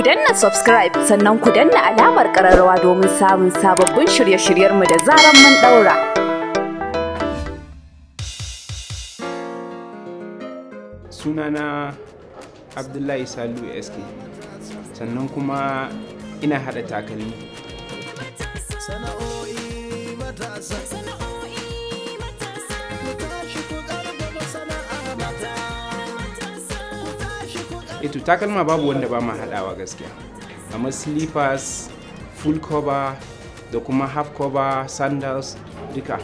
Ku danna subscribe sannan ku danna alamar ƙararrawa domin samun sababbin shirye-shiryenmu da zaran mun ɗaura. Sunana Abdullahi Salu SK sannan kuma ina haɗa takalmi. Sana'o'i matasa. eto eh takalma babu wanda ba ma haɗawa gaskiya kamar slippers full cover da kuma half cover sandals duka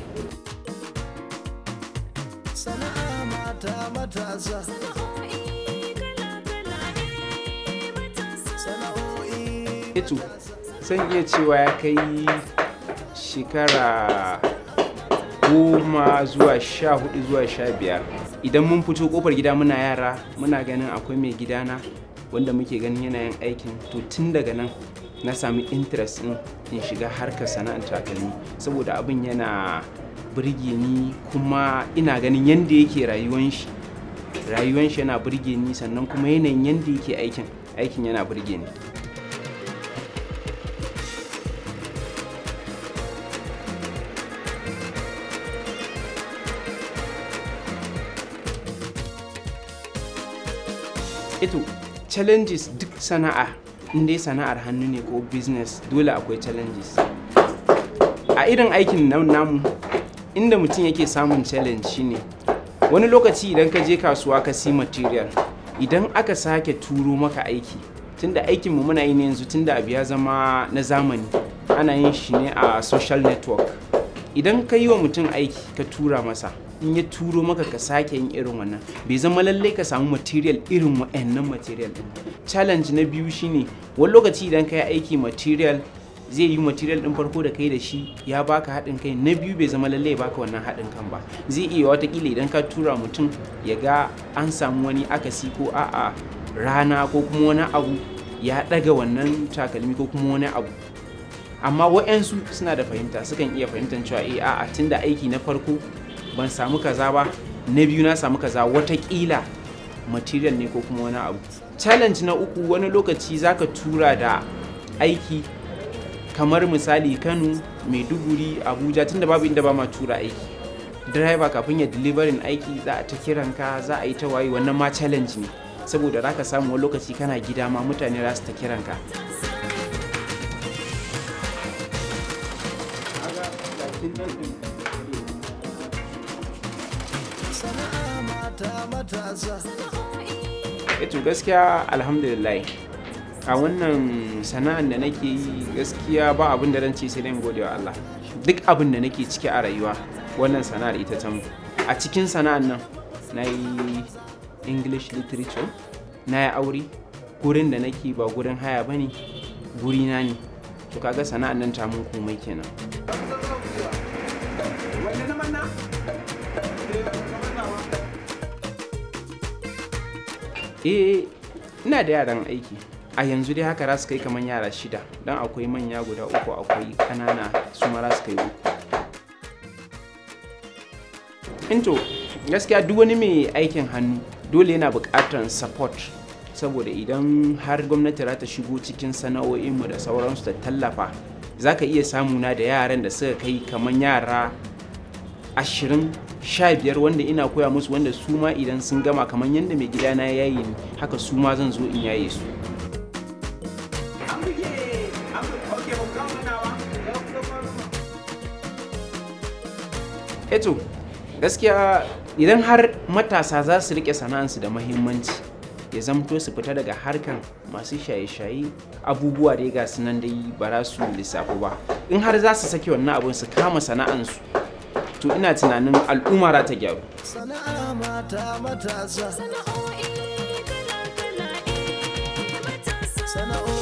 eto eh san iya cewa ya kai shekara goma zuwa sha hudu zuwa sha biyar idan mun fito kofar gida muna yara muna ganin akwai mai gidana wanda muke ganin yanayin aikin to tun daga nan na sami interest in in shiga harkar sana'ar takalmi saboda abin yana birge ni kuma ina ganin yanda yake rayuwan shi rayuwan shi yana birge ni sannan kuma yanayin yadda yake aikin aikin yana birge ni Ito, challenges duk sana'a, inda sana'ar hannu ne ko business dole akwai challenges. A irin aikin namu, inda mutum yake samun challenge shine wani lokaci idan ka je kasuwa ka si material, idan aka sake turo maka aiki, tunda aikinmu muna yi ne yanzu tunda abu ya zama na zamani, ana yin shi ne a social network. Idan ka yi wa mutum aiki ka tura masa, in ya turo maka ka sake yin irin wannan bai zama lallai ka samu material irin wa'annan material din challenge na biyu shine wani lokaci idan ka yi aiki material zai yi material din farko da kai da shi ya baka haɗin kai na biyu bai zama lallai baka wannan haɗin kan ba zai iya watakila idan ka tura mutum ya ga an samu wani akasi ko a'a rana ko kuma wani abu ya ɗaga wannan takalmi ko kuma wani abu amma wa'yansu suna da fahimta sukan iya fahimtar cewa eh, a'a tunda aiki na farko ban samu kaza ba na biyu na samu kaza watakila material ne ko kuma wani abu challenge na uku wani lokaci zaka tura da aiki kamar misali kano maiduguri abuja tunda babu inda ba ma tura aiki driver kafin ya deliverin aiki za a ta kiranka za a yi ta wayi wannan ma challenge ne saboda za ka samu wani lokaci kana gida ma mutane za su ta kiranka Thank you. Eh gaskiya alhamdulillah a wannan sana'an da nake yi gaskiya ba abin da ce sai dan gode wa Allah duk abin da nake ciki a rayuwa wannan sana'ar ita ta a cikin sana'an nan na yi english literature na yi aure gurin da nake ba gurin haya ba ne na ne to kaga sana'an nan ta mun komai kenan eh ina da yaran aiki a yanzu dai haka rasu kai kamar yara shida don akwai manya guda uku akwai ƙanana su ma rasu kai uku into eh gaskiya duk wani mai aikin hannu dole yana buƙatar support saboda idan har gwamnati za ta shigo cikin sana'o'inmu da sauransu ta tallafa za ka iya samuna da yaran da suka kai kamar yara ashirin sha biyar wanda ina koya musu wanda su ma idan sun gama kamar yadda mai gidana ya yi ni haka su ma zan zo in yaye su eto gaskiya idan har matasa za su rike sana'ansu da mahimmanci ya zamto su fita daga harkan masu shaye-shaye abubuwa da ya gasu nan dai ba za su lissafo ba in har za su sake wannan abin su kama sana'ansu to ina tunanin al'umma za ta gyaru sana'a mata matasa sana'o'i kala kala eh, matasa sana'o'i